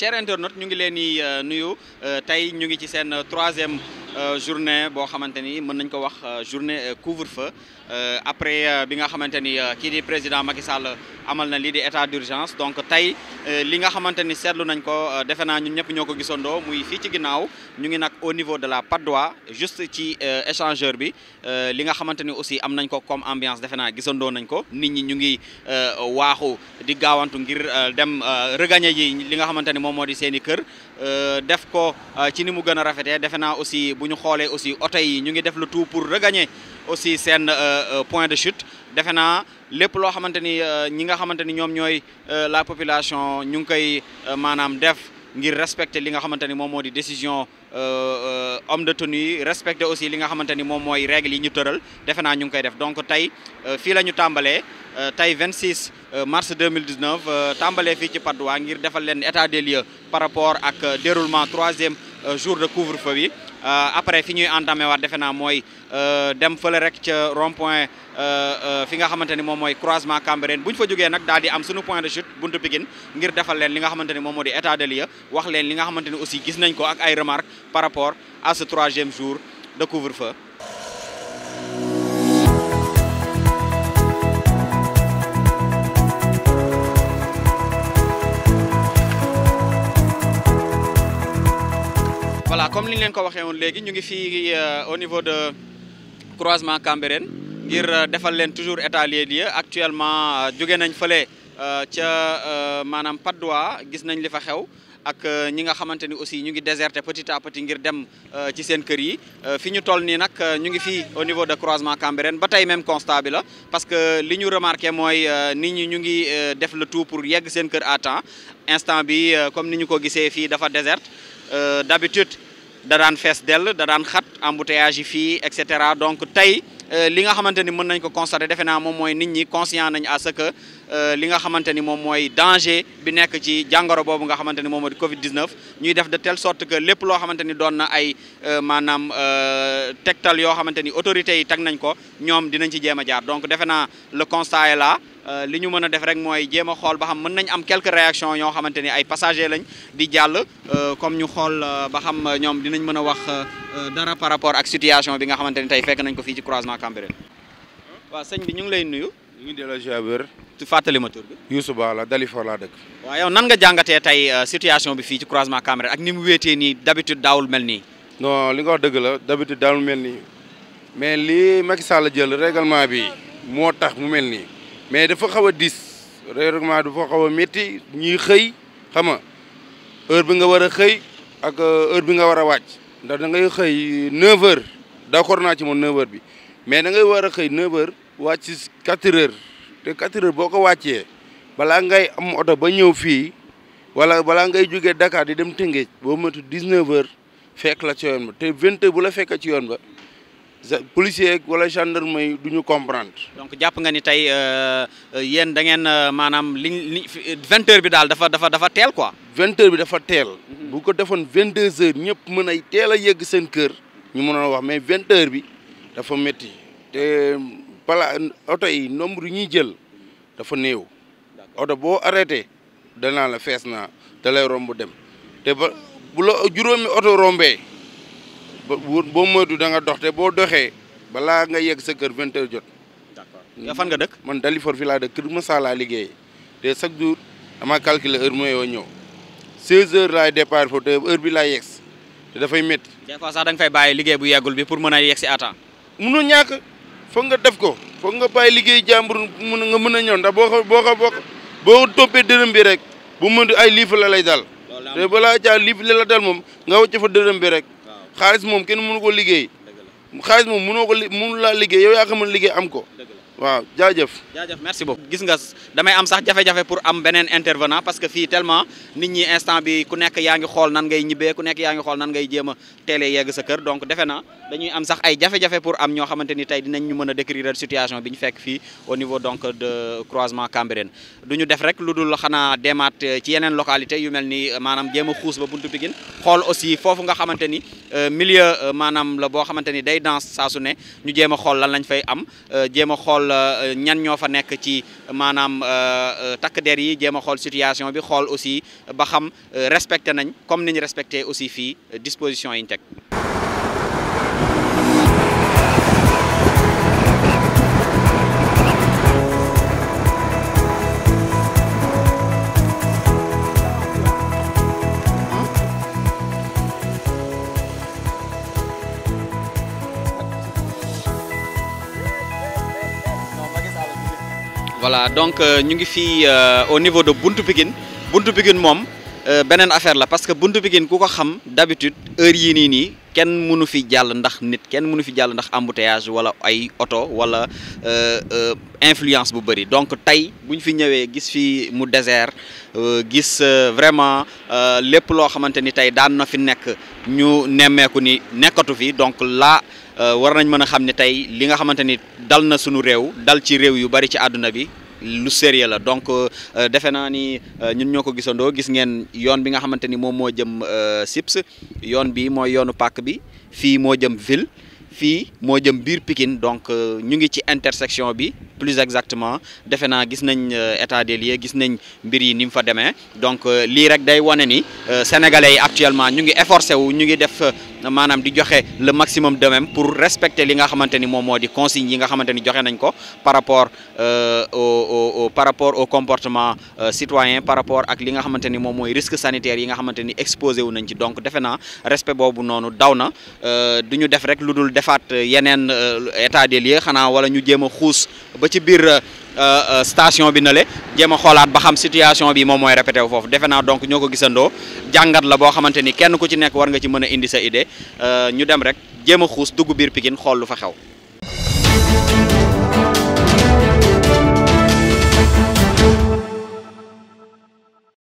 chers internautes ñu ngi leen di euh, nuyu euh, tey ñu ngi ci seen euh, troisième Euh, journée bo euh, journée euh, couvre-feu après bi nga président Macky Sall amal na l'état di état d'urgence donc tay li nga xamanteni nañ ko ñun ñëpp ñoko muy fi ci ñu ngi nak au niveau de la padoie juste ci échangeur bi li nga xamanteni aussi am nañ ko comme ambiance nañ ko nit ñi ñu ngi waxu di gawantu ngir dem regagner yi li nga xamanteni Euh, def ko euh, ci ni mu gën a rafetee defe naa aussi bu ñu xoolee aussi oto yi ñu ngi def le tout pour regagner aussi seen euh, point de chute defe naa lépp loo xamante ni ñi nga xamante ni ñoom ñooy la population ñu ngi koy maanaam def ngir respecter li nga xamante ni moom moo di décision euh, euh, homme de tenue respecter aussi li nga xamante ni moom mooy règle yi ñu tëral defe naa ñu ngi koy def donc tey euh, fii la ñu tàmbalee tey 26 mars 2019 tàmbalee fii ci Patte d'Oie ngir defal leen état des lieu par rapport ak déroulement troisième Euh, jour de couvre-feu bi euh, après fi ñuy entamé waat defe naa mooy euh, dem fële rek ca rond-point fi nga xamante ni moom mooy croisement Cambérène bu ñu fa jógee nag daal di am suñu point de chute buntu Pikine ngir defal leen li nga xamante ni moom moo di état de lieu wax leen li nga xamante ni aussi gis nañ ko ak ay remarques par rapport à ce troisième jour de couvre-feu comme li ñu leen ko waxee woon léegi ñu ngi fii euh, au niveau de croisement Cambérène ngir euh, defal leen toujours état des actuellement euh, jóge nañ fële ca maanaam Padoa gis nañ li fa xew ak ñi nga xamante ni aussi ñu ngi déserté petit à petit ngir dem ci seen kër yi fi ñu toll nii nag ñu ngi fii au niveau de croisement Cambérène ba tey même constat bi la parce que li ñu remarqué mooy nit ñi ñu ngi def le tout pour yegg seen kër à temps instant bi comme ni ñu ko gisee fii dafa désert d'habitude da daan fees dell da daan xat embouteillage yi fii et cetera donc tey euh, li nga xamante ni mën nañ ko constater defe naa moom mooy nit ñi conscient nañ à ce que Euh, li nga xamante ni moom mooy danger bi nekk ci jàngoro boobu nga xamante ni moom mooy Covid 19 ñuy def de telle sorte que lépp loo xamante ni doon na ay euh, maanaam euh, tegtal yoo xamante ni autorités yi teg nañ ko ñoom dinañ ci jéem a jaar donc defe na le constat est là. li ñu mën a def rek mooy jéem a xool ba xam mën nañ am quelques réactions ñoo xamante ni ay passagers lañ di jàll comme ñu xool ba xam ñoom dinañ mën a wax dara par rapport ak situation bi nga xamante ni tey fekk nañ ko fii ci croisement Cambérène. waaw sëñ bi ñu ngi delloo ziar wér. fàttali ma tur bi. nan nga jàngatee tey euh, situation bi fii ci croisement Cambérène ak ni mu wéetee nii d'habitude daawul mel nii. non li nga wax dëgg la d'habitude daawul mel nii mais lii Macky Sall jël règlement bi moo tax mu mel nii mais dafa xaw a dis règlement dafa xaw a métti ñuy xëy xam nga heure bi nga war a xëy ak euh, heure bi nga war a wàcc ndax da ngay xëy 9h d'accord naa ci moom 9 bi mais da ngay xëy 9 wàcc si quatre heures te quatre heures boo ko wàccee balaa ngay am oto ba ñëw fii wala balaa ngay jógee Dakar di dem Tëngéej boo moytu dix neuf heures fekk la ci yoon ba te vingt heures bu la fekkee ci yoon ba policier wala gendarme mooy du ñu comprendre. donc jàpp nga ni tey euh, euh, yéen da ngeen euh, maanaam liñ li vingt heures bi daal dafa dafa dafa teel quoi. vingt heures bi dafa teel. Mhm. bu ko defoon vingt deux heures ñëpp mën ay teel a yegg seen kër. ñu mën a wax mais vingt heures bi dafa métti pala oto yi nombre yi ñuy jël dafa néew oto boo arrêté danaa la fees naa da lay romb dem te ba bu la juróomi oto rombee boo moytu da nga dox te boo doxee balaa nga yegg sa kër vingt heures jot nga fan nga dëkk man Dalifort fi laa dëkk Kër Moussa laa liggéeyee te chaque jour dama calculer heure mooy yoo ñëw seize heures laay départ foofu te heure bi laa yegg te dafay métti des fois sax fay bàyyi liggéey bu yeggul bi pour mën a yegg si à temps mënul ñàkk foog nga def ko foog nga bàyyi liggéey jàmbur mun nga mën a ñëw ndax boo ko boo ko boo boo toppee dërëm bi rek bu mën ay liif la lay dal. te balaa caa liif li la dal moom nga wàcc fa dërëm bi rek. xaalis moom kenn mënu ko liggéey. xaalis moom mënoo ko li laa liggéey yow yaa ko liggéey am ko. waaw jaajëf. jaajëf merci beaucoup gis nga damay am sax jafe-jafe pour am beneen intervenant parce que fii tellement nit ñi instant bi ku nekk yaa ngi xool nan ngay ñibbee ku nekk yaa ngi xool nan ngay jéema a yegg sa kër donc defe naa dañuy am sax ay jafe-jafe pour am ñoo xamante ni tey dinañ ñu mën a décrire situation bi ñu fekk fii au niveau donc de croisement Cambérène du ñu def rek lu dul xanaa demaat ci yeneen localité yu mel ni maanaam jéem a xuus ba buntu Pikine xool aussi foofu nga xamante ni euh, milieu euh, maanaam la boo xamante ni day danse saa su ne ñu jéem a xool lan lañ fay am euh, jéem xool xool euh, ñan ñoo fa nekk ci maanaam euh, euh, takk der yi jéem a xool situation bi xool aussi ba xam respecté nañ comme ni ñu respecté aussi fii disposition yi ñu teg voilà donc euh, ñu ngi fii euh, au niveau de Buntu Pikine Buntu Pikine moom euh, beneen affaire la parce que Buntu Pikine ku ko xam d'habitude heure yii nii nii kenn mënu fi jall ndax nit kenn mënu fi jall ndax embouteillage wala ay auto wala euh, influence bu bari donc tay buñ fi ñëwé gis fi mu désert gis vraiment lépp loo xamante ni tey daan na fi nekk ñu némé ko ni nekkatu fi donc la Euh, war nañ mën a xam ne tey li nga xamante ni dal na suñu réew dal ci réew yu bari ci àdduna bi lu sérieux la donc euh, euh, defe naa ni ñun ñoo ko gisandoo gis ngeen yoon bi nga xamante ni moom moo jëm SIPS yoon bi mooy yoonu pàkk bi fii moo jëm ville fii moo jëm biir pikin donc ñu ngi ci intersection bi plus exactement defena gis nañ euh, état des lieux gis nañ mbir yi nim fa demee donc euh, li rek day wane ni euh, sénégalais yi actuellement ñu ngi efforcer wu ñu ngi def manam di joxe le maximum de même pour respecter li nga xamante mom modi consigne yi nga xamante ni joxe nañ ko par rapport au au par rapport au comportement citoyen par rapport ak li nga xamante mom moy risque sanitaire yi nga xamante exposé wu nañ ci donc defena respect bobu nonu dawna na du def rek ludul dul yenen yeneen état des lieux wala ñu jéem a ba ci biir euh, euh, station bi na le jéem a xoolaat ba xam situation bi moom mooy répété wu foofu defe naa donc ñoo ko gisandoo jàngat la boo xamante ni kenn ku ci nekk war nga ci mën a indi sa idée euh, ñu dem rek jéem a xuus dugg biir Pikine xool lu fa xew